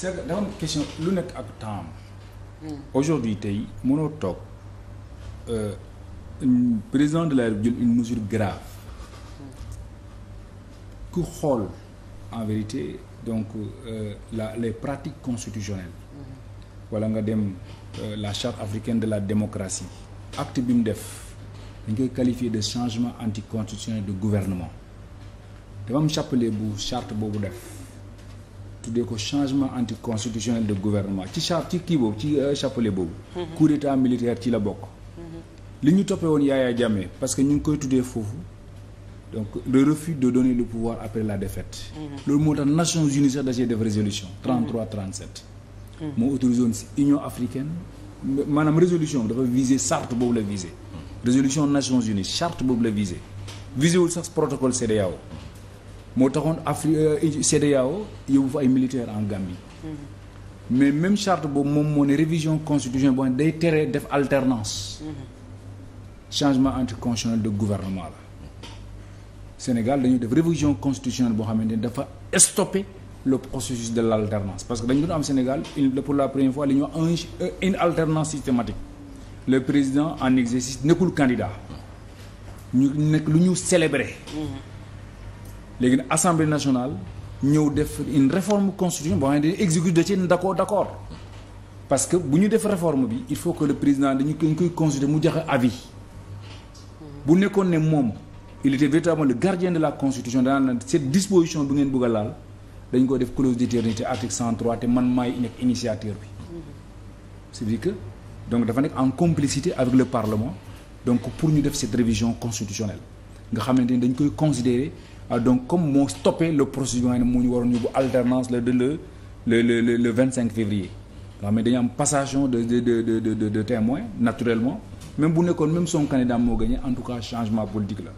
c'est que dafa lu nekk ak temps aujourd'hui tey mënoo toog euh, président de la République jël une mesure grave ku xool en vérité donc euh, la les pratique constitutionnelles wala nga dem euh, la charte africaine de la démocratie acte bi mu def dañ koy qualifier de changement anticonstitutionnel de gouvernement dafa am bu charte boobu def de ko changement anticonstitutionnel de gouvernement ci cha ci kii boobu ci euh, chapelet boobu. Mm-hmm. coup d'état militaire ci la bokk. Mm-hmm. li ñu toppee woon Yaya Jammeh parce que ñu ngi koy tuddee foofu donc le refus de donner le pouvoir après la défaite. Mm-hmm. loolu moo tax Nations Unies sax da cee def résolution. 33 37. moo autorisé Union africaine maanaam résolution dafa viser charte boobu la viser. résolution Nations Unies charte boobu la viser. visé wul sax protocole CEDEAO moo taxoon Afrique euh, CEDEAO yóbbu fa ay militaire en Gambie. Mm-hmm. mais même charte boobu moom moo ne révision constitution boo xam day teree def alternance mm-hmm. changement anticonstitutionnel de gouvernement la Sénégal def révision constitutionnelle boo xamante ne dafa stopper le processus de l' alternance parce que dañu doon am Sénégal une pour la première fois li ñu wax une alternance systématique le président en exercice nekkul candidat ñu lu ñu célébrer mm-hmm. léegi nag assemblée nationale ñëw def une réforme constitution boo xam ne dañuy d' accord d' accord parce que bu ñu def réforme bi il faut que le président dañu dañ koy consulter mu joxe avis bu nekkoon ne moom il était véritablement le gardien de la constitution danaa ne cette disposition bu ngeen bëgg a dañ ko def clause d'éternité article 103 man maay nekk initiateur bi cest à que donc dafa nekk en complicité avec le parlement donc pour ñu def cette révision constitutionnelle nga xamante ni dañ koy considérer Ah, donc comme moo stoppé le processus bi nga xam ne moo ñu waroon yóbbu alternance le le le le le cinq février. nga xam ne dañu am passation de de de de de témoin naturellement même bu nekkoon même son candidat moo gagné en tout cas changement politique la.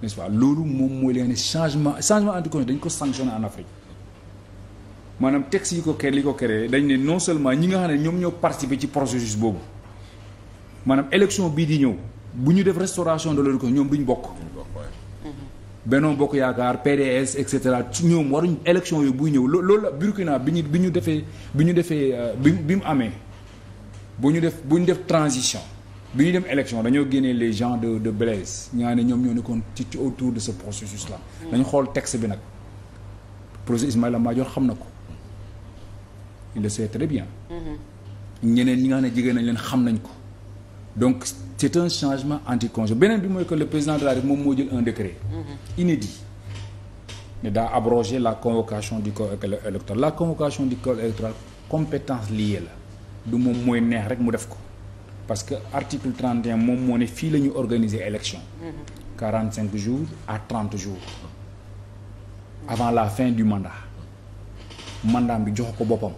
n'est-ce loolu moom mooy leen changement changement anticonstitutionnel dañ ko sanctionné en Afrique maanaam texte yi ko créé li ko créé dañ ne non seulement ñi nga xam ne ñoom ñoo participer ci procesus boobu maanaam élection bii di ñëw bu ñu def restauration de l'ordre ñoom duñ bokk. Benno Bokk Yaakaar PDS et cetera ñoom waruñ élection yooyu buy ñëw loolu la Burkina bi ñu bi ñu defee bi ñu defee euh, bi bi mu amee bu ñu def bu ñu def transition bi ñu dem élection dañoo génne les gens de de Blaise ñaa ne ñoom ñoo nekkoon ci ci autour de ce processus la mm. dañu xool texte bi nag projet Ismaïla Madior xam na ko il le sait très bien mm-hmm. ñeneen ñi nga xam ne jigéen nañ leen xam nañ ko donc c' est un changement anticonstitutionnel beneen bi mooy que le président de la République moom moo jël un décret mhm. inédit ne daa abroger la convocation du corps électoral la convocation du corps électoral compétence liée la du moom mooy neex rek mu def ko parce que article 31 moom moo ne fii la ñu organiser élection mhm. cinq jours à trente jours avant la fin du mandat mandat bi jox ko boppam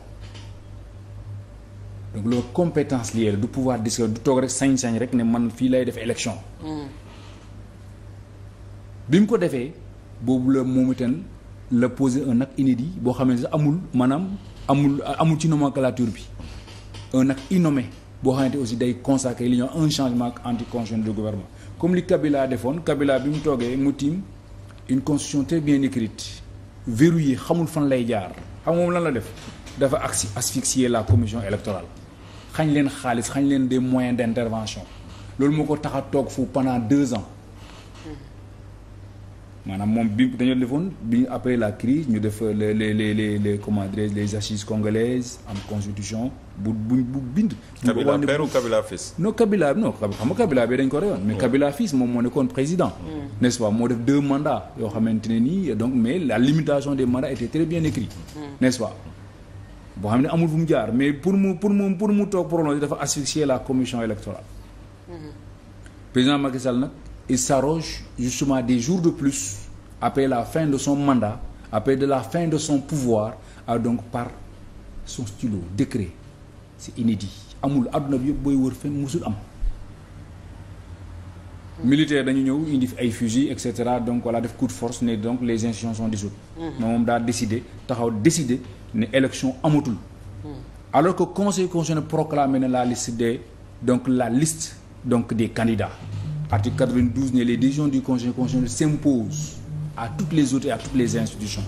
donc loolu compétence liée la du pouvoir disque du toog rek sañ-sañ rek ne man fii lay def élection. bi mu ko defee boobu la moom itam la pose un acte inédit boo xam ne sax amul maanaam amul amul ci nomenclature bi un acte innommé boo xamante aussi day consacrer li ñuy wax un changement anticonstitutionnel du gouvernement comme li Kabila defoon Kabila bi mu toogee mu tiim une constitution très bien écrite verrouillée xamul fan lay jaar xam moom lan la def. dafa asphyxier la commission électorale xañ leen xaalis xañ leen des moyens d'intervention loolu moo ko tax a toog fu pendant deux ans maanaam moom bi dañoo defoon bi ñu après la crise ñu def les le les les comment dirais les assises congolaises am constitution bu bu bu bind. Kabila père ou Kabila fils. non Kabila non xam nga Kabila bi dañ ko reyoon. mais Kabila fils moom moo nekkoon président. Mm. n'est-ce pas moo def deux mandats yoo xamante ne nii donc mais la limitation des mandats était très bien écrite. Mm. n'est-ce pas. boo xam ne amul fu mu jaar mais pour mu pour mu pour mu toog prolonger dafa asphyxier la commission électorale mm-hmm. président Macky Sall nag il s'arroge justement des jours de plus après la fin de son mandat après de la fin de son pouvoir a ah, donc par son stylo décret c'est inédit amul adduna bi yëpp booy wër fenn musul am militaire dañu ñëw indi ay fusil et cetera donc voilà def coup force ne donc les institutions sont dissoutes. mais mhm. moom daa décidé taxaw décidé ne élection amatul. Mhm. alors que conseil constitutionnel proclamé na la liste des donc la liste donc des candidats. article 92 ne les décisions du conseil constitutionnel s'imposent à toutes les autres et à toutes les institutions.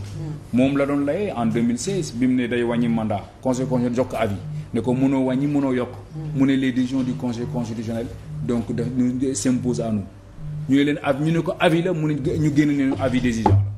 Mhm. moom la doon layee en 2016 bi mu ne day wàññi mandat conseil constitutionnel jox ko avis. ne ko mënoo wàññi mënoo yokk mu ne les décisions du conseil constitutionnel donc daf s'impose à nous ñu ne leen av ñu ne ko avis la ñu génn leen avis décision la